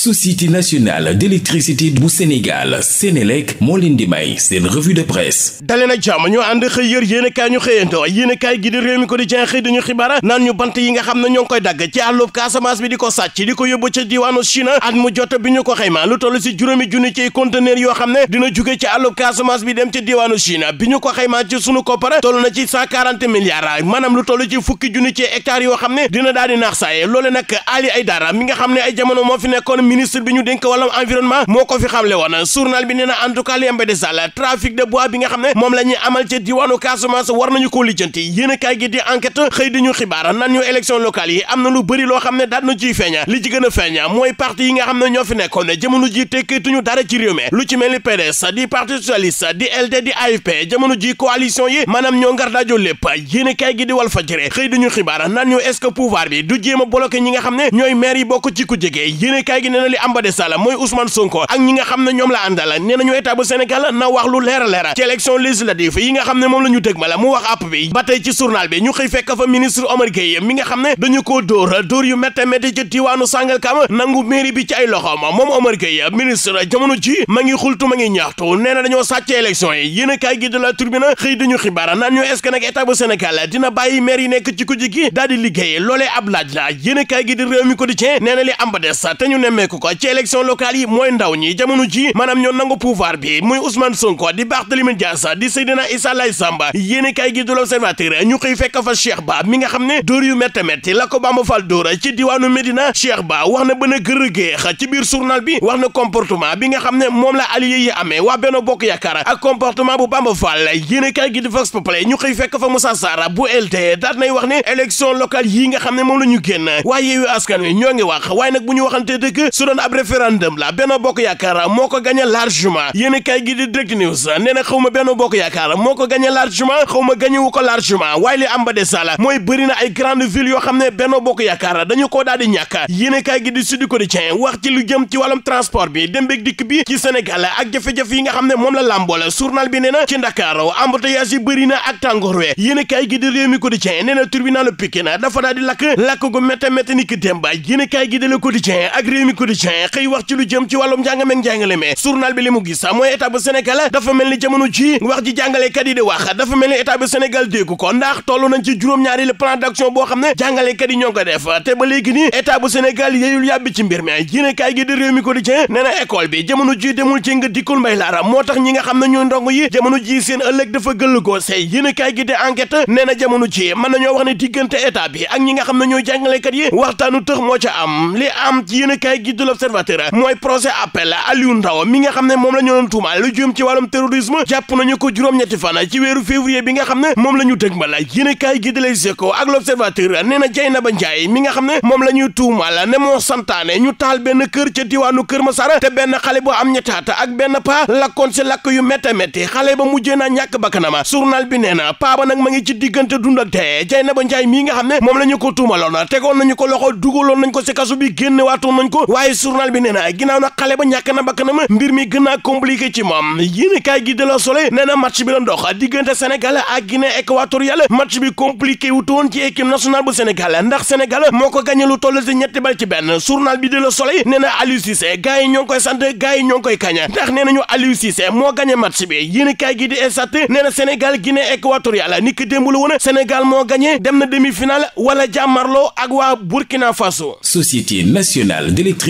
société nationale d'électricité bu Sénégal Sénélec moo leen di may seen revue de presse dale na jàmm ñu ànd xëy yër yéenekaay ñu xëyantoo yéenekaay gi di réew mi ko di jen xëy dañu xibaar naan ñu bant yi nga xam ne ñoo koy dagg ci àllub Casamance bi di ko sàcc di ko yóbbu ca diwaanu Chine at mu jot bi ñu ko xayma lu toll si juróomi junni ci conteneur yoo xam ne dina jóge ci àllub bi dem ca diwaanu Chine bi ñu ko xayma ci sunu koppar ministre bi ñu dénk wàllum environnement moo ko fi xamle woon journal bi nee na en tout cas li mbéy sall trafic de bois bi nga xam ne moom la ñuy amal ci diwaanu Casamance war nañu koo lijjanti yéen a gi di enquête xëy di ñu xibaar nan ñu élection locale yi am na lu bëri loo xam ne daan na ciy feeña li ci gën a feeña mooy parti yi nga xam ne ñoo fi nekkoon ne jamono ji tekkeetuñu dara ci réew mi lu ci mel ni PDS di parti socialiste di LD di jamono ji coalition yi maanaam ñoo ngar daajoo lépp yéen a kaay gi di Walf Fadjri xëy di ñu xibaar nan ñu ce que pouvoir bi du jéem a bloqué nga xam ne ñooy maire yi bokk ci ku jege yéen ma na li am ba des la mooy Ousmane Sonko ak ñi nga xam ne ñoom la àndal nee nañu état bu Sénégal na wax lu leer a leer ci élection législative yi nga xam ne moom la ñu ma la mu wax àpp bi ba ci journal bi ñu xëy fekk fa ministre Omar Gueye mi nga xam ne dañu koo dóor dóor yu métte ci diwaanu Sàngalkam nangu mairie bi ci ay loxoom moom Omar Gueye ministre jamono ji ma ngi xultu ma ngi ñaxtu nee na sàcc élection yi yéen a gi de la Tribune dañu xibaar naan ñu est a fekk ko ci élection locale yi mooy ndaw ñi jamono ji maanaam ñoo nangu pouvoir bi muy Ousmane Sonko di Barthélémy Dias di Seydina Issa Laye Samba yéene kay gi du ñu xëy fekk fa Cheikh Ba mi nga xam ne dóor yu métti la ko Bamba Fall dóor ci diwaanu Médina Cheikh Ba wax na bën a gërëgeex ci biir journal bi wax na comportement bi nga xam ne moom la allié yi amee waa Benno Bokk Yaakaar ak comportement bu Bamba Fall yéene kay gi di Vox Populi ñu xëy yi nga xam ne moom la ñu génn waaye Yewwi Askan Wi ñoo su doon ab référendum la Benno Bokk Yaakaar moo ko gagné largement yéen a kaay gi di Direct News nee na xaw ma Benno Bokk Yaakaar moo ko gagné largement xaw ma gagné wu ko largement waaye mooy bëri ay grandes villes yoo xam ne Benno Bokk Yaakaar dañu koo daal di ñàkk yéen a kaay gi di Sud Quotidien wax ci jëm ci transport bi dem dikk bi ci Sénégal ak jafe yi nga xam ne moom la làmbool journal bi nee na ci Ndakaaru embouteillage yi bëri na ak tàngoor we yéen a kaay gi ak Rewmi Quotidien xëy wax ci lu jëm ci wàllum njàng me journal bi li mu gis mooy état bu dafa mel ni jamono ji wax ji jàngalekat yi di wax dafa mel ni état bu Sénégal dégg ko ndax toll nañ ci juróom-ñaari le plan boo xam ne jàngalekat yi ñoo ko def te ba léegi ni état bu Sénégal yeyul ci mbir mi yéene kaay gi di réew mi Quotidien nee na école bi jamono ji demul ci nga dikkul mbay laara moo tax ñi nga xam ne ñooy ndong yi jamono ji seen ëllëg de l'observateur mooy procès appel Aliou la ñu doon tuumaal lu jëm ci wàllum terrorisme jàpp nañu ko juróom-ñetti fan nga xam ne moom la ñu dëgmal yéen kaay gi di Les Échos ak l'observateur nee na Dieynaba kër ca diwaanu te benn xale bu am ñetti at ak benn paa lakkoon si lakk yu métte métti xale ba mujjee naa ñàkk bakkanama journal bi nee na paa ba nag ma ngi ci diggante dund ak dee Dieynaba Ndiaye mi nga xam ne moom la ñu ko tuumaloon tegoon nañu ko loxo dugaloon nañ ko si kasu bi génne waatoon nañ ko waaye yéenekaay journal bi nee na ginnaaw na xale ba ñàkk na bakkanam mbir mi gën a compliqué ci moom yéenekaay gi de la Soleil nee na match bi doon dox diggante Sénégal ak Guinée équatoriale match bi compliqué wutoon ci équipe nationale bu Sénégal ndax Sénégal moo ko gagné lu toll ci ñetti bal ci benn journal bi de la Soleil nee na Aliou Cissé gars yi koy sant gars yi ñoo ngi koy kañ ndax nee nañu Aliou Cissé moo gagné match bi yéenekaay gi di Stades nee na Sénégal Guinée équatoriale ni ki démb la woon Sénégal moo gagné dem na demi-finale wala jàmmarloo ak waa Burkina Faso société nationale d'électricité